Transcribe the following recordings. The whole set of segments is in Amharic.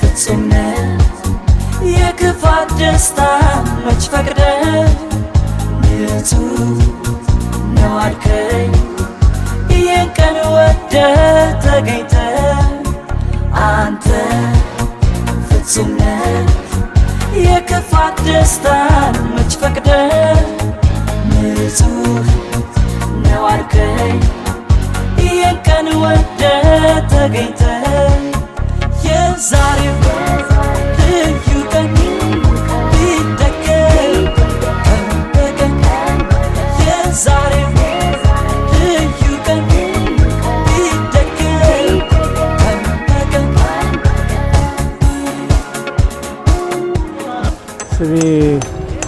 ፍጹምነ የክፋት ደስታ መች ፈቅደ ንጹ ነው አድከኝ ይህን ቀን ወደ ተገኝተ አንተ ፍጹምነ የክፋት ደስታ መች ፈቅደ ንጹ ነው አድከኝ ይህን ቀን ወደ ተገኝተ ዛሬም ልዩ ቀን ቢደገም ቀን በቀን ስሜ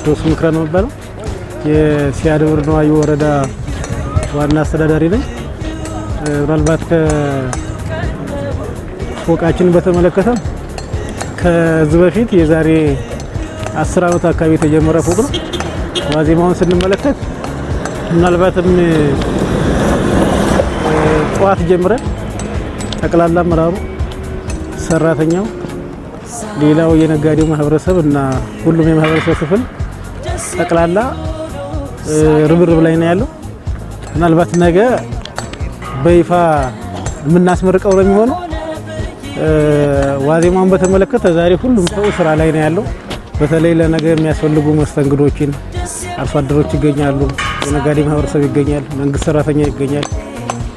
ዶስ ምክረ ነው የሚባለው የሲያድብር ነዋይ ወረዳ ዋና አስተዳዳሪ ነኝ ምናልባት ፎቃችንን በተመለከተ ከዚህ በፊት የዛሬ አስር አመት አካባቢ የተጀመረ ፎቅ ነው። ዋዜማውን ስንመለከት ምናልባትም ጠዋት ጀምረን ጠቅላላ አመራሩ፣ ሰራተኛው፣ ሌላው የነጋዴው ማህበረሰብ እና ሁሉም የማህበረሰብ ክፍል ጠቅላላ ርብርብ ላይ ነው ያለው። ምናልባት ነገ በይፋ የምናስመርቀው ነው የሚሆነው። ዋዜማን በተመለከተ ዛሬ ሁሉም ሰው ስራ ላይ ነው ያለው። በተለይ ለነገ የሚያስፈልጉ መስተንግዶችን አርሶ አደሮች ይገኛሉ፣ የነጋዴ ማህበረሰብ ይገኛል፣ መንግስት ሰራተኛ ይገኛል፣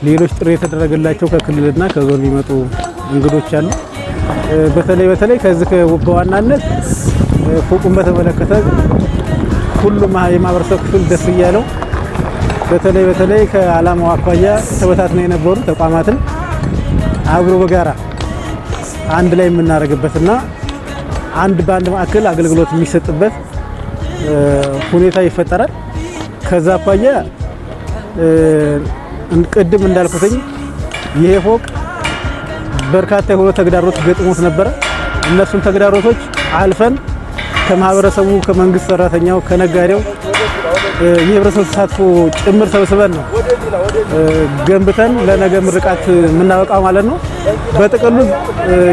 ሌሎች ጥሪ የተደረገላቸው ከክልልና ከዞን የሚመጡ እንግዶች አሉ። በተለይ በተለይ ከዚህ በዋናነት ፎቁን በተመለከተ ሁሉም የማህበረሰብ ክፍል ደስ እያለው በተለይ በተለይ ከዓላማው አኳያ ተበታትነው የነበሩ ተቋማትን አብሮ በጋራ አንድ ላይ የምናደርግበትና አንድ በአንድ ማዕከል አገልግሎት የሚሰጥበት ሁኔታ ይፈጠራል። ከዛ አኳያ ቅድም እንዳልኩትኝ ይሄ ፎቅ በርካታ የሆኑ ተግዳሮት ገጥሞት ነበረ። እነሱን ተግዳሮቶች አልፈን ከማህበረሰቡ፣ ከመንግስት ሰራተኛው፣ ከነጋዴው የህብረተሰብ ተሳትፎ ጭምር ሰብስበን ነው ገንብተን ለነገ ምርቃት የምናበቃው ማለት ነው። በጥቅሉ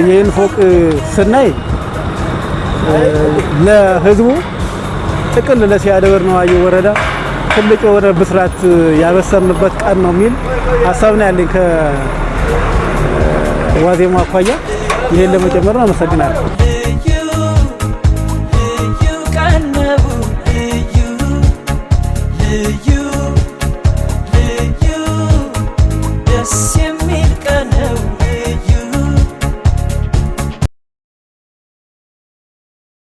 ይህን ፎቅ ስናይ ለህዝቡ ጥቅል ለሲያ ነው ነዋየ ወረዳ ትልቅ የሆነ ብስራት ያበሰርንበት ቀን ነው የሚል ሀሳብ ነው ያለኝ ከዋዜማ አኳያ ይህን ለመጨመር ነው። አመሰግናለሁ።